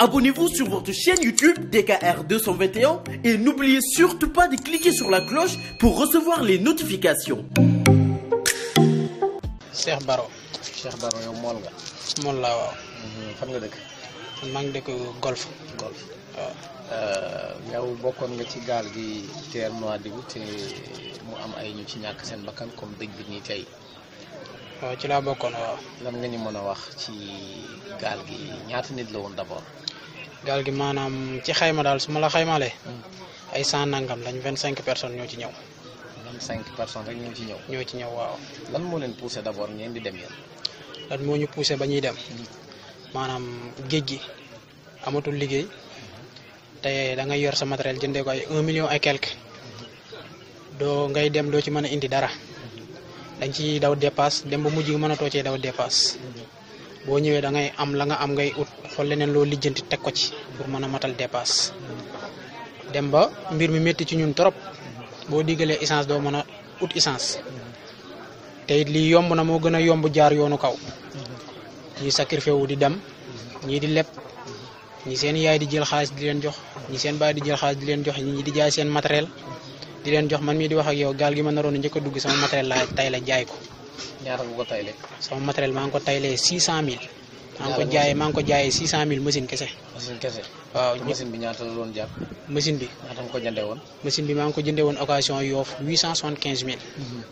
Abonnez-vous sur votre chaîne YouTube DKR 221 et n'oubliez surtout pas de cliquer sur la cloche pour recevoir les notifications. Cheikh Baro. Cheikh Baro yow mool nga. mool la waaw. Mm-hmm. fan nga dëkk. maa ngi dëkk golf. golf waaw. Euh, yow bokkoon nga ci gaal gi teer Nouadhibou te mu am ay ñu ci ñàkk seen bakkan comme dëj bi nii tey. waaw ci laa bokkoon waaw. lan nga ñu mën a wax ci gaal gi ñaata nit la woon d'abord. daal gi maanaam ci xayma daal su ma la xaymaalee. Hmm. ay cent nangam lañ vingt cinq personnes ñoo ci ñëw. vingt cinq personnes rek ñoo ci ñëw. ñoo ci ñëw waaw. lan moo leen poussé d' abord ngeen di dem yéen. lan moo ñu poussé ba ñuy dem. Hmm. maanaam géej gi amatul liggéey. Hmm. te da ngay yor sa matériel jëndee ko ay un million ay quelque. doo ngay dem doo ci mën a indi dara. dañ ci daw dépasse dem ba mujj gi mënatoo cee daw dépasse. boo ñëwee da ngay am la nga am ngay ut fa leneen loo lijjanti teg ko ci pour mën a matal dépasse dem ba mbir mi métti ci ñun trop boo diggalee essence doo mën a ut essence te it lii yomb na moo gën a yomb jaar yoonu kaw ñi sacrifié wu di dem ñii di leb ñi seen yaay di jël xaalis di leen jox ñi seen baay di jël xaalis di leen jox ñi di jaay seen matériel di leen jox man mii di wax ak yow gaal gi ma naroon a dugg sama matériel laay tay la jaay ko ñaata nga ko tayle sama matériel maa ngi ko taylee six cent mille maa ngi ko jaayee maa ngi ko jaayee six cent mille machine kese waaw machine bi ñaata la doon jàpp machine maa ngi ko jëndee woon occasion yoof huit mhm.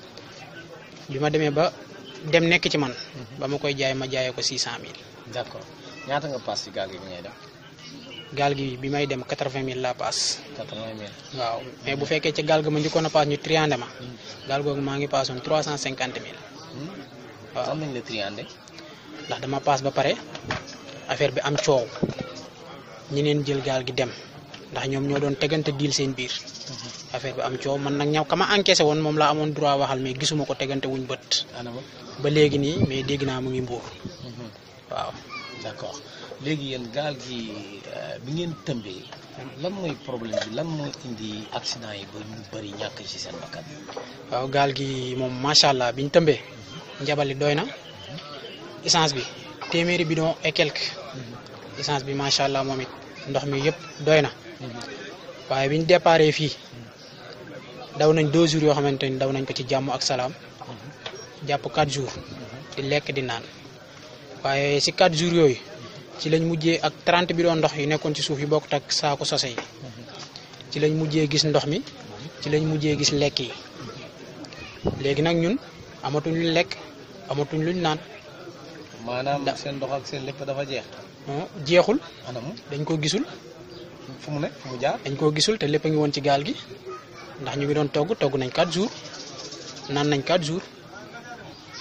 bi ma demee ba dem nekk ci man mhm. ba ma koy jaay ma jaayee ko six cent mille d'accord ñaata nga paas ci gaal gi bi ngay dem gaal gi may dem quatre vingt mille la paas waaw mais bu mhm. fekkee ci gaal gi ma njëkkoon a paas ñu triandé ma gaal googu maa ngi paasoon trois cent cinquante mille waaw am nañ la ndax dama paas ba pare affaire bi am coow ñeneen jël gaal gi dem ndax ñoom ñoo doon teggante diil seen biir mhm. affaire bi am coow man nag ñaw kama encaissé woon moom laa amoon droit waxal mais gisuma ko tegante wuñ bët ba léegi nii mais dégg naa mu ngi mbuur mhm. waaw léegi yéen gaal gi euh, bi ngeen tëmbee lan mooy problème bi lan moo indi accident yi ba ñu bëri ñàkk ci seen bakkan waaw gaal gi moom macha allah biñ tëmbee njabali doy na essence bi téeméeri bidon et quelque essence bi macha allah moom it ndox mi yëpp doy na waaye biñ ñu déparé fii daw nañ deux jours yoo xamante ni daw nañ ko ci jàmm ak salaam jàpp quatre jours di lekk di naan waaye si quatre jours yooyu ci lañ mujjee ak trente bidon ndox yi nekkoon ci suuf yi bokkut ak saako sose yi ci lañ mujjee gis ndox mi ci lañ mujjee gis lekk yi léegi nag ñun amatuñ luñ lekk amatuñ luñ naan. maanaam seen ndox ak seen lépp dafa jeex. Hmm? jeexul. anam dañ ko gisul. fu mu jaar. dañ koo gisul te lépp a ngi woon ci gaal gi ndax ñu ngi doon togg togg nañ 4 jours naan nañ 4 jours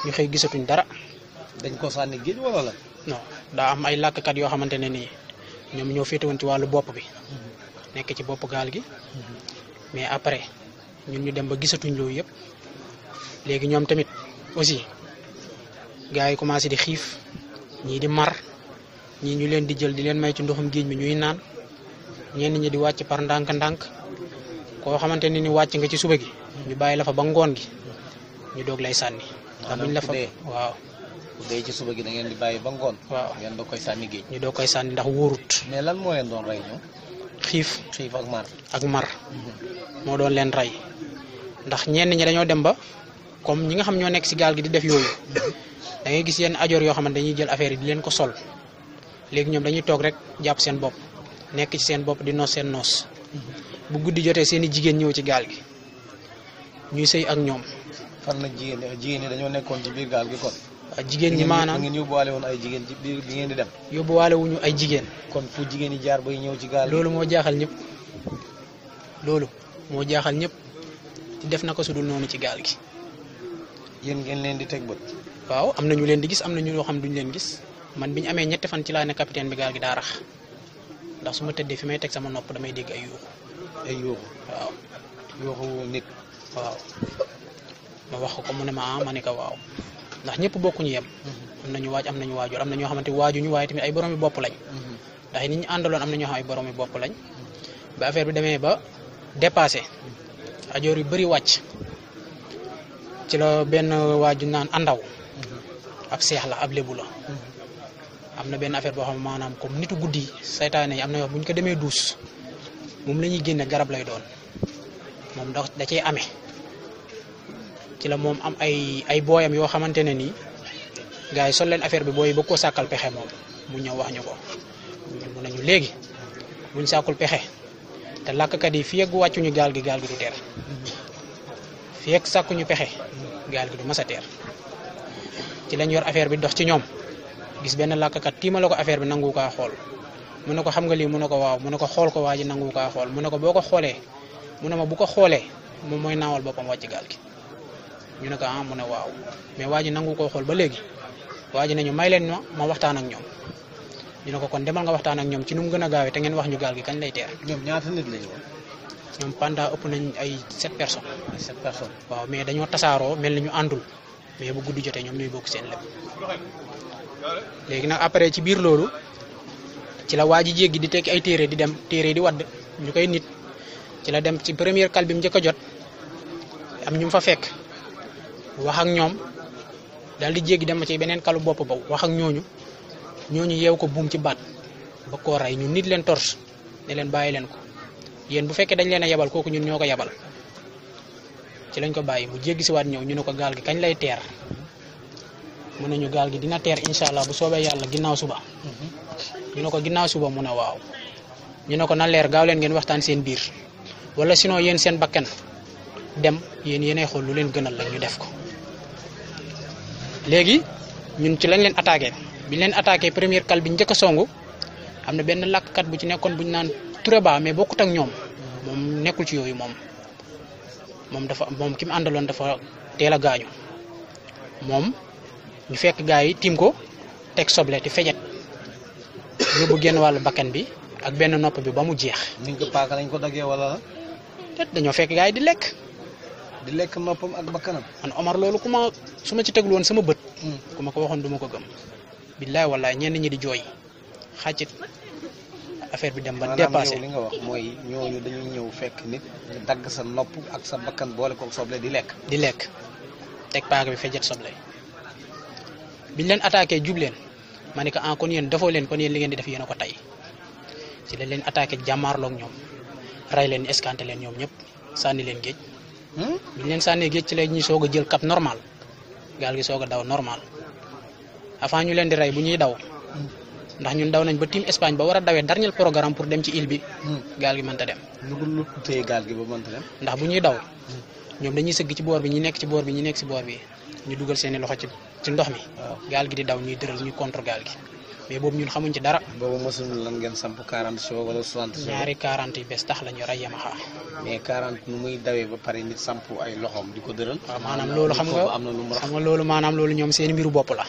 ñu xëy gisatuñ dara. dañ ko sànni géej wala daa am ay làkkat yoo xamante ne nii ñoom ñoo féete woon ci wàllu bopp bi. Mhm. nekk ci bopp gaal gi. Mhm. mais après ñun ñu dem ba gisatuñ loolu yëpp. léegi ñoom tamit aussi gars yi commencé di xiif ñii di mar ñii ñu leen di jël di leen may ci ndoxum géej mi ñuy naan ñenn ñi di wàcc par ndànk-ndànk koo xamante ne ni wàcc nga ci suba gi ñu bàyyi la fa ba ngoon gi ñu doog lay sànni. ndax buñ la waaw. bu dee suba gi da ngeen bàyyi ba ngoon. waaw ngeen doog koy sànni géej. ñu doog koy sànni ndax wóorut. mais lan moo leen doon rey ñoom. xiif xiif ak mar. ak mar mhm. moo doon leen rey ndax ñenn ñi dañoo dem ba comme ñi nga xam ñoo nekk si gaal gi di def yooyu da ngay gis yenn ajoor yoo xam ne dañuy jël affaire yi di leen ko sol léegi ñoom dañuy toog rek jàpp seen bopp nekk ci seen bopp di noos seen noos bu guddi jotee seen i jigéen ñëw ci gaal gi ñuy sëy ak ñoom. fan la jigéen jigéen ñi dañoo nekkoon ci biir gaal gi kon. Ah, jigéen ñi maanaam ngeen yóbbuwaale woon ay jigéen ci biir bi ngeen di dem. yóbbuwaale wuñu ay jigéen. kon fu jigéen jaar bay ñëw ci gaal loolu jaaxal ñëpp loolu moo jaaxal ñëpp def na ko sudul noonu ci gaal gi. yéen ngeen leen di teg bët. waaw am na ñu leen di gis am na ñu ñoo xam duñ leen gis man bi ñu amee ñetti fan ci laa ne capitaine bi gaal gi daa rax ndax su ma tëddee fi may teg sama nopp damay dégg ay yuuxu. ay yuuxu waaw. yuuxu nit. waaw ma wax ko mu ne ma ah ma ne ko waaw ndax ñëpp bokkuñu yem. Mm-hmm. am na ñu waaj am na ñu waajur am na ñoo xamante waajuñu waaye tamit ay boroomi bopp lañ. Mm-hmm. ndax nit ñi àndaloon am na ñoo xam ay boroomi bopp lañ. Mm-hmm. ba affaire bi demee ba dépassé ajoor yu bëri wàcc. ci la benn waaju naan àndaw ab seex la ab lébu la am na benn affaire boo xam ne maanaam comme nitu guddi saytaane yi am na yoo bu ñu ko demee duus moom la ñuy génne garab lay doon moom da da cee amee ci la moom am ay ay booyam yoo xamante ne nii gars yi sol leen affaire bi booy ba ko sàkkal pexe moom mu ñëw wax ñu ko mun nañu léegi buñ sàkkul pexe te làkkat yi fii ak wàccuñu gaal gi gaal gi du teer fii ak ñu pexe gaal gi du mas a teer ci lañ yor affaire bi dox ci ñoom gis benn làkkat tiimale ko affaire bi nangu kaa xool mu ne ko xam nga lii mu ne ko waaw mu ne ko xool ko waa ji xool mu ne ko boo ko xoolee mu ne ma bu ko xoolee moom mooy naawal boppam wàcc gi ñu ne ko ah mu ne waaw mais waa nangu koo xool ba léegi waa ji nañu may leen ma ma waxtaan ak ñoom ñu ne ko kon demal nga waxtaan ak ñoom ci nu mu gën a gaawee te ngeen wax ñu gaal gi kañ lay teer. ñoom ñaata nit lañu woon ñoom panda ëpp nañ ay sept personnes. ay waaw mais dañoo tasaaroo mel ni ñu àndul mais bu gudd jotee ñoom ñooy bokk seen lépp léegi nag après ci biir loolu ci la waa ji jéggi di tekki ay téere di dem téere di wadd ñu koy nit ci la dem ci première kal bi mu njëkk a jot am ñu fa fekk waxak ñoom daal di jéggi dem ci beneen kalu bopp ba wax ak ñooñu ñooñu yeew ko buum ci baat ba koo rey ñu nit leen torche ne leen bàyyi leen ko. yéen bu fekkee dañ leen a yabal kooku ñun ñoo ko yabal ci lañ ko bàyyi mu jéggi siwaat ñëw ñu ne ko gaal gi kañ lay teer mu ne ñu gaal gi dina teer incha allah bu soobee yàlla ginnaaw suba ñu ne ko ginnaaw suba mu ne waaw ñu ne ko na leer gaaw leen ngeen waxtaan seen biir wala sinon yéen seen bakkan dem yéen yéenay xool lu leen gënal la def ko léegi ñun ci lañ leen attaqué biñ leen attaqué première kal bi njëkk songu am na benn làkkat bu ci Touré mais bokkut ak ñoom moom nekkul ci yooyu moom moom dafa moom kim mu àndaloon dafa teel a gaañu moom ñu fekk gaa yi tiim ko teg soble di fejet yóbbu genn wàll bakkan bi ak benn nopp bi ba mu jeex. ni ko paaka ko daggee wala. dañoo fekk gaa yi di lekk. di lekk noppam ak bakkanam. man Omar loolu ku ma su ma ci teglu woon sama bët. Hmm. ku ma ko waxoon duma ko gëm. billaay wallaay ñenn ñi di jooy xàccit affaire bi dem ba dépassé li nga wax mooy ñooñu dañuy ñëw fekk nit dagg sa nopp ak sa bakkan boole kook soble di lekk di lekk teg paaka bi fejet soble biñ leen attaqué jub leen ma ne ko en ah, kon yéen defoo leen kon yéen li ngeen di def yéen ko tey si lañ leen attaqué jàmmaarloog ñoom rey leen escanté leen ñoom ñëpp sànni leen géej hmm? biñ leen sànnee géej ci la ñu soog a jël cap normal gaal gi soog a daw normal avant ñu leen di rey bu ñuy daw ndax ñun daw nañ ba team Espagne ba war a dawee dernier programme pour dem ci île bi. Hmm. gaal gi mënta dem. lu téye gaal gi ndax bu ñuy daw. Hmm. ñoom dañuy sëgg ci boor bi ñu nekk ci boor bi ñi nekk ci boor bi ñu dugal seeni loxo ci ci ndox mi. gaal gi di daw ñuy dëral ñuy contre gaal gi mais boobu ñun xamuñ ci dara. boobu mosul lan ngeen samp 40 chevaux wala 60 chevaux. ñaari 40 tax la ñu rey Yamaha. muy dawee ba pare nit samp ay loxoom di ko dëral. waaw maanaam loolu xam nga xam nga loolu maanaam loolu ñoom seen mbiru bopp la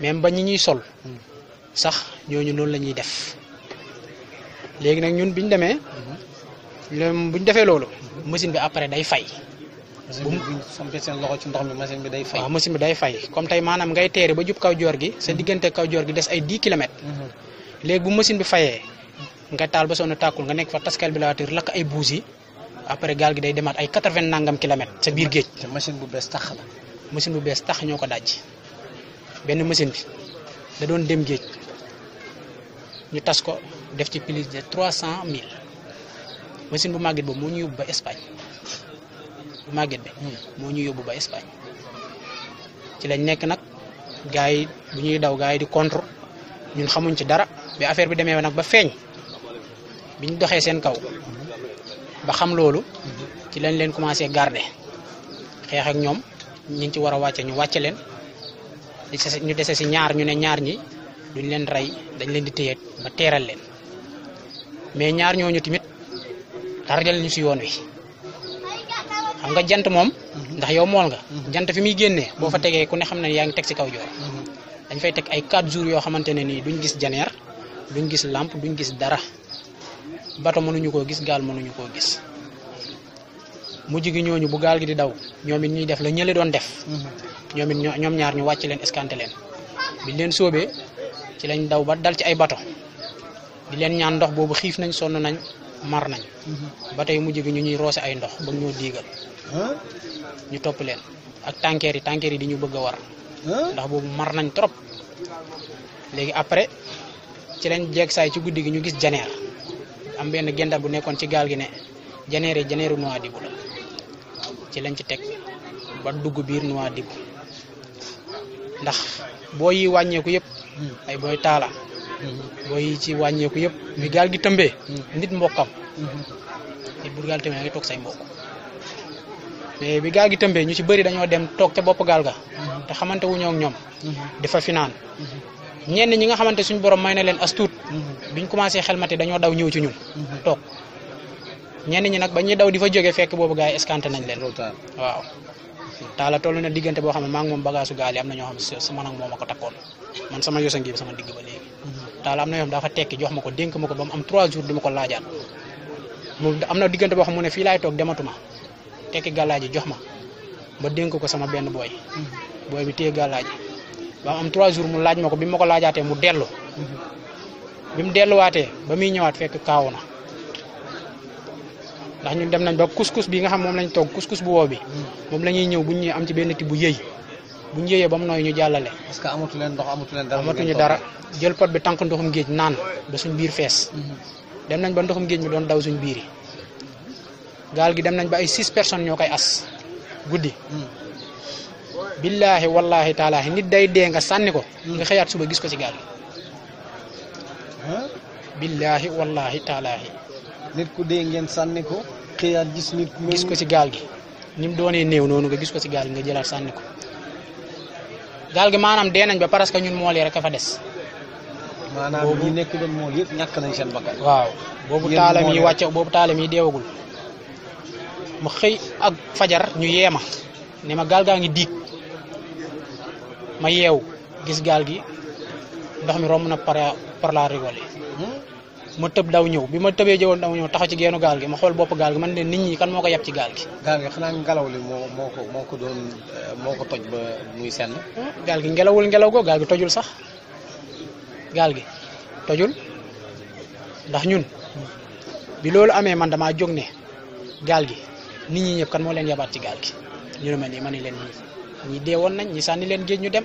même ba ñi ñuy sol hmm. sax ñooñu noonu la ñuy def léegi nag ñun bi ñu demee buñ defee loolu machine bi après day fay. bu mu sampee seen loxo ci ndox mi machine bi day fay. waaw machine bi day fay comme tey maanaam ngay teere ba jub kaw joor gi sa mhm. diggante kaw joor gi des ay dix kilomètres. Mhm. léegi bu machine bi fayee nga taal ba sonn tàkkul nga nekk fa tas calculateur lakk ay buus yi après gaal gi day demaat ay quatre vingt nangam kilomètres. sa biir géej te machine bu bees tax la. machine bu bees tax ñoo ko daj benn machine bi da doon dem géej. ñu tas ko def ci plus de trois cent mille machine bu màgget boobu moo ñu yóbbu ba Espagne bu màgget bi moo ñu yóbbu ba Espagne ci lañ nekk nag gars yi bu ñuy daw gars yi di contre ñun xamuñ ci dara bi affaire bi demee nag ba feeñ bi ñu doxee seen kaw ba xam loolu ci lañ leen commencé garde xeex ak ñoom ñu ñi ci war a wàcce ñu wàcce leen ñu dese si ñaar ñu ne ñaar ñi duñ leen rey dañ leen di téye ba teeral leen mais ñaar ñooñu tamit targal ñu si yoon wi xam nga jant moom. ndax yow mool nga. Mhm. jant fi muy génnee boo fa mhm. tegee ku ne xam ne yaa ngi teg ci kaw joor mhm. dañ fay teg ay 4 jours yoo xamante ne nii duñ gis janeer duñ gis làmp duñ gis dara bato mënuñu koo gis gaal mënuñu koo gis mujj gi ñooñu bu gaal gi di daw ñoom it ñuy def la ñële doon def. ñoom it ñoom ñaar ñu wàcc leen escanté leen biñ leen soobee ci lañ daw ba dal ci ay bato di leen ñaan ndox boobu xiif nañ sonn nañ mar nañ ba tey mujj gi ñu ñuy roose ay ndox ba ñoo diigal ñu topp leen ak tànkeer yi tànkeer yi di ñu bëgg a war ndax boobu mar nañ trop léegi après ci leen jeeg saay ci guddi gi ñu gis janeer am benn gendar bu nekkoon ci gaal gi ne janeer yi janeeru Nouadhibou la ci lañ ci teg ba dugg biir Nouadhibou ndax boo yi wàññeeku yëpp ay booy taala booy ci wàññeeku yëpp bi gaal gi tëmbee nit mbokkam te bu gaal tëmbee da ngay toog bi gaal gi tëmbee ñu ci bëri dañoo dem toog ca bopp gaal ga te xamante wuñoo ak ñoom dafa finaan ñenn ñi nga xamante suñu borom may na leen astuut biñ commencé xelmati dañoo daw ñëw ci ñun toog ñenn ñi nag ba ñuy daw di fa jógee fekk boobu gars yi nañ leen waaw taala toll na diggante boo xam ne maa ngi moom bagaasu gaal yi na ñoo xam ne man ak moom a ko takkoon man sama yosa ngi sama digg ba léegi daal am na yoo dafa tekki jox ma ko dénk ma ko ba am trois jours du ma ko laajaat mu am na diggante boo xam mu ne fii laay toog dematuma tekki gàllaaji jox ma ba dénk ko sama benn booy booy bi téye gàllaaji ba mu trois jours mu laaj ma ko bi ma ko laajaatee mu dellu bi mu delluwaatee ba muy ñëwaat fekk kaaw na ndax ñun dem nañ ba couscous bi nga xam moom lañ toog couscous bu woo bi moom la ñuy ñëw bu ñu am ci benn ti bu yëy bu ñu yëyee ba mu nooy ñu jàllale. parce que amatu leen ndox amatu leen dara. amatuñu dara jël pot bi tànk ndoxum géej naan ba suñ biir fees. Mhm. dem nañ ba ndoxum géej mi doon daw suñ biir yi. gaal gi dem nañ ba ay six personnes ñoo koy as guddi. Mhm. billaahi wallaahi taalaahi nit day dee nga sànni ko. Mhm. nga xëyaat suba gis ko ci gaal gi. billaahi wallaahi taalaahi. nit ku ngeen sànni ko. xëyaat gis nit gis ko ci gaal gi. ni mu doonee néew noonu nga gis ko ci gaal gi nga jëlaat sànni ko. gaal gi maanaam dee nañ ba parce que ñun mool yi rek a fa des. maanaam ñi nekk doon mool ñàkk nañ seen bakkan. waaw boobu taalam yi wàcce boobu taalam yi deewagul mu xëy ak fajar ñu yee ma ne ma gaal gaa ngi diig ma yeew gis gaal gi ndox mi romb na par par la yi ma tëb daw ñëw bi ma tëbee jëwoon daw ñëw taxaw ci geenu gaal gi ma xool bopp gaal gi man ne nit ñi ko yab ci gaal gi gaal gi xanaa ko moo ko doon eh, moo ko toj ba muy senn gaal gi ngelawul ngelaw ko gaal gi tojul sax gaal gi tojul ndax ñun bi loolu amee man damaa jóg ne gaal gi nit ñi ñëpp kan moo leen yabaat ci gaal gi ñu ne ma ne ma ñi ñi nañ ñi sànni leen géej ñu dem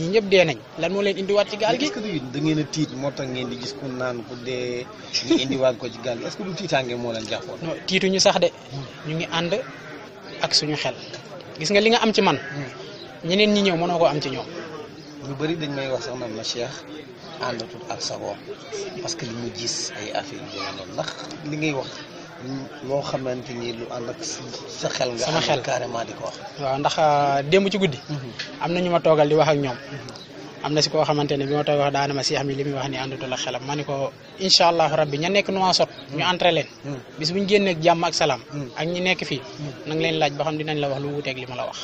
ñi ñëpp dee nañ lan moo leen indiwaat ci gaal gi. est-ce que a tiit moo tax ngeen di gis ku naan ku dee ñu indiwaat ko ci gaal gi est-ce que du tiitaange moo leen jàppoon. non ñu sax de hmm. ñu ngi ànd ak suñu xel gis nga li nga am ci man hmm. ñeneen ñi ñëw mënoo ko am ci ñoom. ñu bëri dañ may wax sax naan ma Cheikh àndatul ak sagoom parce que li mu jiis ay affaire yu ndax li ngay wax. loo xamante ni lu ànd ak sa xel nga. sama xel carrément di ko wax. waaw ndax euh, démb ci guddi. Mhm. am na ñu ma toogal di wax ak ñoom. Mhm. am na si koo xamante ne bi ma toog wax daana ma si xam ne li muy wax ni a la xelam ma ni ko incha allahu rabbi ña nekk Nouakchott ñu mhm. entré leen bis bu ñu génnee ak jàmm ak salaam ak ñi nekk fii nang leen laaj ba xam dinañ la wax lu wuuteeg li ma la wax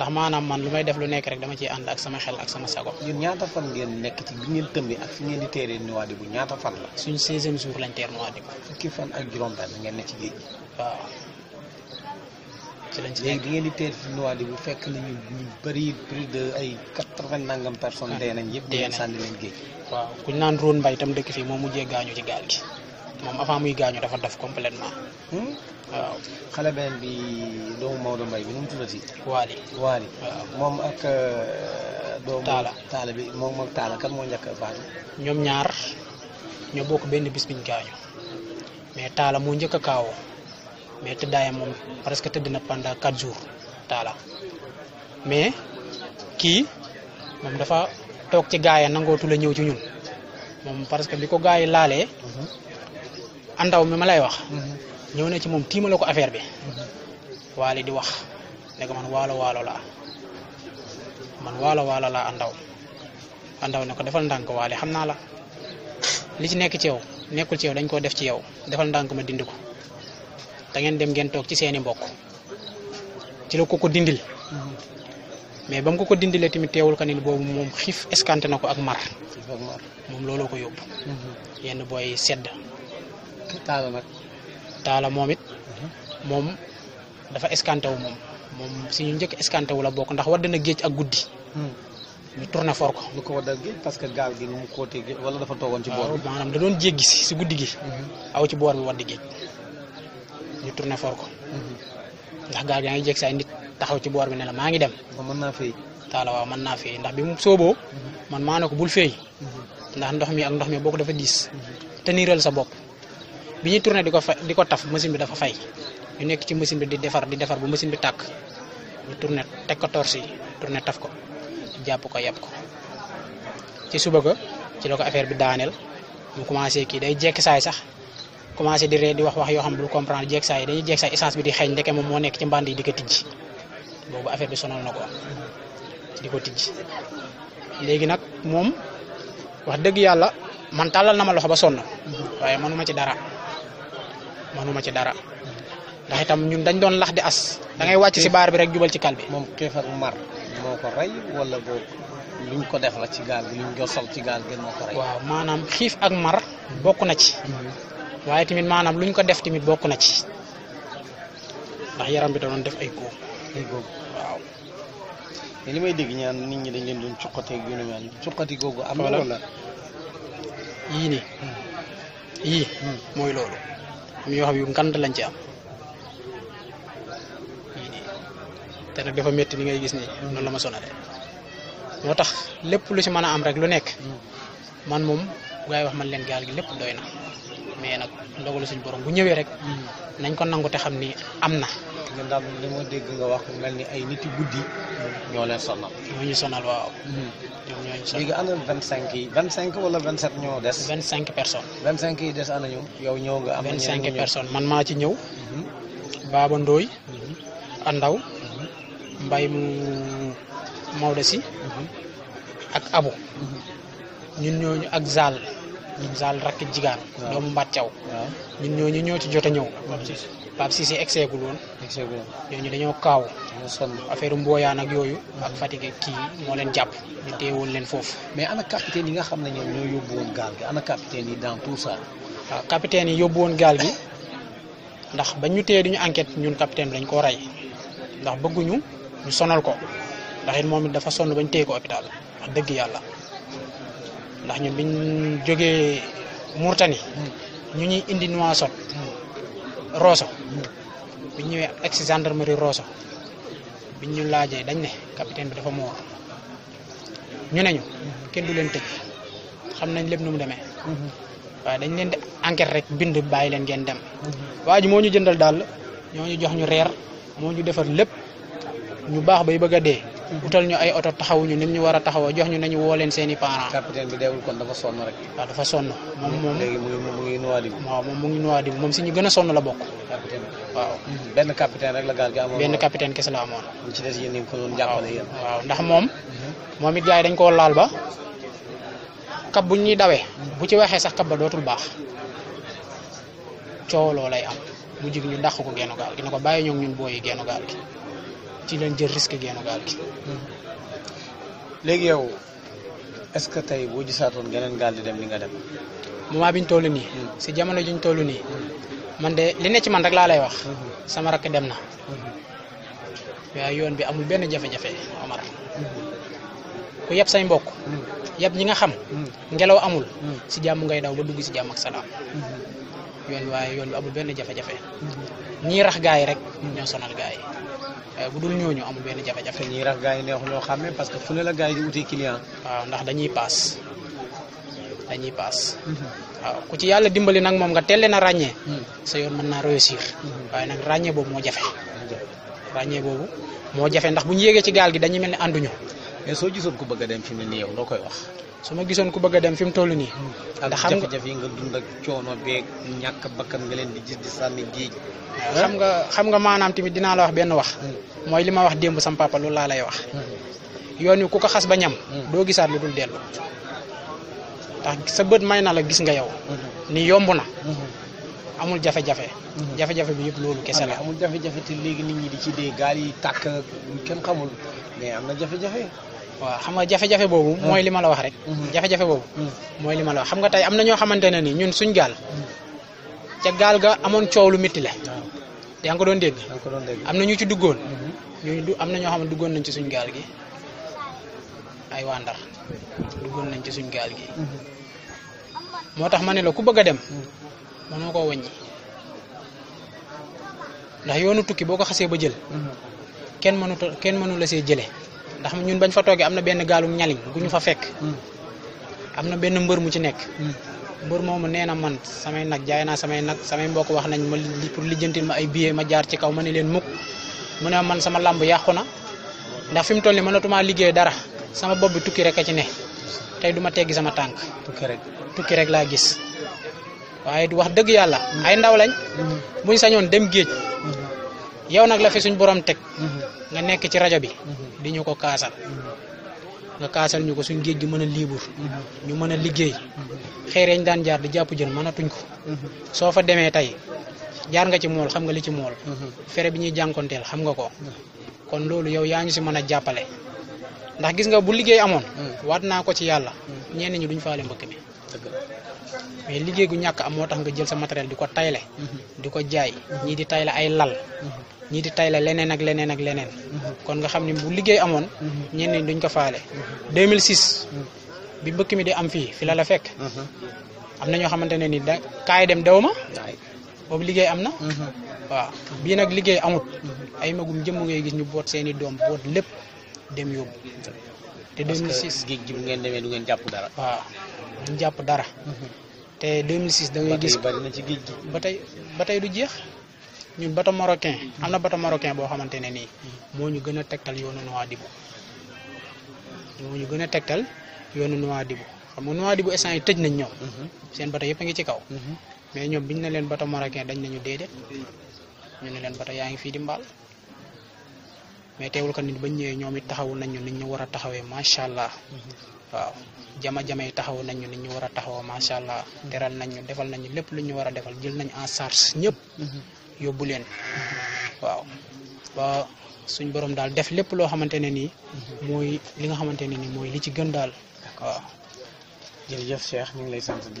ndax maanaam man lu may def lu nekk rek dama ciy ànd ak sama xel ak sama sago ñun ñaata fan ngeen nekk ci bi ngeen tëmbee ak fi ngeen di teeree Nouadhibou ñaata fan la suñ seizième jour lañ teer Nouadhibou fukki fan ak juróom benn ci géej gi lañ ci léegi ngeen di teer fi Nouadhibou fekk nañu ñu bëri plus de ay quatre vingt nangam personnes ah, de nañ yëpp dee nañ sànni leen géej waaw kuñ naan Ron Mbay tam dëkk fii moom mujjee gaañu ci gaal gi moom avant muy gaañu dafa def complètement hmm? waaw xale benn bi doomu Maodo mbay bi nu mu tuddati. Waali Waali. waaw moom ak. Euh, doomu Taala Taala bi moom ak Taala kan moo njëkk a ñoom ñaar ñoo bokk benn bis biñ gaañu mais Taala moo njëkk a kaawoo mais tëddaayam moom parce que na pendant quatre jours Taala mais kii moom dafa toog ci gaaya nangootu la ñëw ci ñun moom parce que bi ko gaay laalee. Mhm. andaw mi ma lay wax mhm. ñëw na ci moom tiimale ko affaire bi mhm. waali di wax ne man waalo waalo laa man waalo andaw andaw ne ko defal ndànk waali xam naa la li ci nekk ci yow nekkul ci yow dañ koo def ci yow defal ndànk ma dind ko da dem ngeen toog ci seeni mbokk ci la ko ko dindil mhm. mais ba ko ko dindilee tamit teewul ka ni boobu moom xiif escanté na ko ak mar moom looloo ko yóbbu yenn booy sedd taala nag taala moom it moom dafa escanté wu moom moom si ñu njëkk escanté wu la bokk ndax wadd na géej ak guddi hmm. ñu tourné for ko lu ko waddal parce que gaal gi mu côté wala dafa toogoon ci boor bi maanaam da doon guddi gi hmm. aw ci boor bi wadd géej ñu tourné for ko hmm. ndax gaal gi yaa ngi jéggi say nit taxaw ci boor bi ne la maa ngi dem mën naa fay taala waaw mën naa fay ndax bi mu sooboo man maa ne ko bul fay ndax ndox mi ak ndox mi boo ko dafa diis te niiral sa bopp bi ñuy tourné di ko fa ko taf machine bi dafa fay ñu nekk ci machine bi di defar di defar bu machine bi tàkk ñu tourné teg ko torsi yi tourné taf ko jàpp ko yàpp ko ci suba ko ci la ko affaire bi daaneel mu commencé kii day jekk saay sax commencé di ree di wax wax yoo xam ne du comprendre jekk saay dañuy jekk saay essence bi di xeeñ ndeke moom moo nekk ci mbànd yi di ko tijji boobu affaire bi sonal na ko di ko tijji léegi nag moom wax dëgg yàlla man tàllal na ma loxo ba manuma ci dara ndax itam ñun dañ doon lax di as dangay wàcc si baar bi rek jubal ci kal bi. moom xiif ak mar ko rey wala luñ ko def la ci gaal gi luñ ko ci gaal waaw maanaam xiif ak mar bokk na ci. Mhm. waaye tamit maanaam luñ ko def tamit bokk na ci ndax yaram bi da doon def ay góob. waaw. li may dégg ñaan nit ñi dañ leen doon cuqateeg yu ne mel cuqati googu am hmm. Hmm. mooy loolu. am yoo yu ngand lañ ci am te nag dafa metti li ngay gis ni noonu la ma sonale moo tax lépp lu ci mën a am rek lu nekk man moom gaay wax man leen gaal gi lépp doy na mais nag ndogalu suñu borom bu ñëwee rek mm. nañ ko nangu te xam ni am na ñun daal li moo dégg nga wax mel ni ay nit yu guddi ñoo leen sonal. ñoo ñu sonal waaw. Hmm. ñoom ñoo ñu sonal léegi ana yi vingt cinq wala vingt sept ñoo des. vingt cinq personnes. vingt cinq yi des ana ñu yow ñëw nga. am na vingt cinq personnes maa ci ñëw. Hmm. Baba Ndooy. Hmm. Mbay mu Maodo si. ak Abu. ak Zal. ñun Zal rakk jigaan. doomu Mbaat Thiaw. ñoo ci jot a ñëw. Pape Cissé exeegul woon exeegul woon ñooñu dañoo kaaw dañoo sonn affaire mbooyaan ak yooyu ak Fatick kii moo leen jàpp ñu teewoon leen foofu mais ana capitaine yi nga xam na ñoom ñoo yóbbu woon gaal gi ana capitaine yi dans tout ça waaw ah, yi yóbbu woon gaal gi ndax bañ ñu téye duñu enquête ñun capitaine bi dañ koo rey ndax bëgguñu ñu sonal ko ndax it moom it dafa sonn bañ téye ko hôpital wax dëgg yàlla ndax ñun biñ jógee Mourtani hmm. ñu ñuy indi Nouakchott hmm. Roso bi ñu ñëwee ex gendarmerie Roso bi ñu laajee dañ ne capitaine bi dafa moor ñu ne ñu kenn du leen tëj xam nañ lépp nu mu demee. waaye dañ leen di enquête rek bind bàyyi leen ngeen dem. waa ji moo ñu jëndal daal ñoo ñu jox ñu reer moo ñu defar lépp ñu baax bay bëgg a dee. utal ñu ay oto taxawuñu nim ñu war a taxaw jox ñu nañu woo leen seen i parents. capitaine bi deewul kon dafa waaw dafa sonn moom moom léegi mu ngi mu ngi Nouadhibou. waaw moom si ñu gën a sonn la bokk. capitaine waaw. benn capitaine rek la gaal gi amoon. benn capitaine la amoon. bu ci des yéen ñu ko doon jàppale yéen. waaw ndax moom. moom it gars dañ koo laal ba. kab bu ñu dawee. bu ci waxee sax kab ba dootul baax coow loo lay am. mu jig ñu dàq ko genn gaal gi ne ko bàyyi ñoom ñun booyi genn gaal gi ci leen jël risque génn gaal gi. Hmm. léegi yow est-ce que tey boo gisaatoon geneen gaal di dem li nga dem. moment bi ñu toll nii. Hmm. si jamono ji ñu toll nii. Hmm. man de li ne man rek laa lay wax. sama rakk dem na. waaye yoon bi amul benn jafe-jafe Omar. ku mbokk. yeb ñi nga xam. ngelaw amul. si jàmm ngay daw ba dugg si jàmm ak salaam. waaye yoon amul benn jafe-jafe. ñii rax gaa yi rek. ñoo sonal gaa yi. Eh, bu dul ñooñu amul benn jafe-jafe. ñuy rax gars yi neexu ñoo xàmmee parce que fu ne la gars yi di uti client. waaw ndax dañuy paas dañuy paas. Mhm. waaw ku ci yàlla dimbali nag moom nga telle na ràññee. Mhm. sa yoon mën naa réussir. Mhm. waaye nag ràññee boobu moo jafe. ràññee boobu moo jafe ndax bu ñu yéegee ci gaal gi dañuy mel ni ànduñu. mais soo gisoon ku bëgg a dem fi mu nii loo koy wax. su ma gisoon ku bëgg dem fi mu toll nii. ndax xam nga jafe-jafe yi nga dund ak coono beeg ñàkk bakkan nga leen di gis di sànni géej. xam nga xam mooy li ma wax démb sam papa loolu laa lay wax yoon wi ku ko xas ba ñam doo gisaat lu dul dellu ndax sa bët may na la gis nga yow ni yomb na amul jafe-jafe jafe-jafe bi yëpp loolu kese amul jafe-jafe te léegi nit ñi di ci dee gaal yi tàkk kenn xamul mais am na jafe-jafe waaw xam nga jafe-jafe boobu hmm. mooy li ma la wax rek hmm. jafe-jafe boobu hmm. mooy li ma la wax xam nga tey am na ñoo xamante ne ni ñun suñ gaal ca gaal ga amoon coow lu métti la yaa ngi ko doon dégg am na ñu ci duggoon ñooñu du am na ñoo xam ne duggoon nañ ci suñ gaal gi ay waa Ndar duggoon nañ ci suñ gaal gi mm-hmm. moo tax ma ne la ku bëgg a dem mm-hmm. mënoo ko woññi ndax yoonu tukki boo ko xasee ba jël mm-hmm. kenn mënut kenn mënu la see jële ndax ñun bañ fa tooge am na benn gaalum ñaliñ gu ñu fa fekk am na benn mbër mu ci nekk mbër moomu nee na man samay nag jaay naa samay nag samay mbokk wax nañ ma li pour lijjantil ma ay billet ma jaar ci kaw ma ne leen mukk mu ne man sama làmb yàqu na ndax fi mu toll nii mënatuma liggéey dara sama bopp bi tukki rek ci ne tey du ma teggi sama tànk. tukki rek tukki rek laa gis waaye du wax dëgg yàlla. ay ndaw lañ. buñ sañoon dem géej. yow nag la fi suñ borom teg. nga nekk ci rajo bi. di ñu ko kaasal. nga kaasal ñu ko suñ géej gi mën a liibur ñu mën a liggéey. xeer yañ daan jaar di jàpp jën mënatuñ ko. soo fa demee tey jaar nga ci mool xam nga li ci mool. Mhm. fere bi ñuy jànkonteel xam nga ko. Mhm. kon loolu yow yaa ñu si mën a jàppale. ndax gis nga bu liggéey amoon. Mhm. waat naa ko ci yàlla. ñenn ñi duñ faale mbëkk mi. mais liggéey gu ñàkk am moo tax nga jël sa matériel di ko tayle. di ko jaay ñii di tayle ay lal. ñii di tayle leneen ak leneen ak leneen. kon nga xam ne bu liggéey amoon. ñenn ñi duñ ko faale. 2006. bi mbëkk mi di am fii fi la la fekk. am na ñoo xamante ne ni da kaay dem daw ma. boobu liggéey am na. Mhm. waaw bii nag liggéey amut. ay magum jëmm ngay gis ñu boot seen i doom boot lépp dem yóbbu. te 2006 géej gi bu ngeen demee du ngeen jàpp dara. waaw jàpp dara. Mhm. te 2006 da ngay gis bari ci géej gi ba tey ba tey du jeex ñun bato marocain am na bato marocain boo xamante ne nii mhm. moo ñu gën a tegtal yoonu Nouadhibou moo ñu gën a tegtal yoonu Nouadhibou xam nga di instant yi tëj nañ ñoom seen bato yëpp a ngi ci kaw mais ñoom biñ ne leen bato marocain dañ nañu déedéet ñu ne leen bato yaa ngi fii di mbaal mais teewul ka nit bañ ñëwee ñoom it taxawu nañ ñu nit ñu war a taxawee macha allah waaw jama jamay taxawu nañ ñu nit ñu war a taxawoo macha allah teral nañ ñu defal nañ lépp lu ñu war a defal jël nañu en charge ñëpp yóbbu leen waaw ba suñ borom daal def lépp loo xamante ne nii mooy li nga xamante ne nii mooy li ci gën daal waaw ñu ngi lay sant di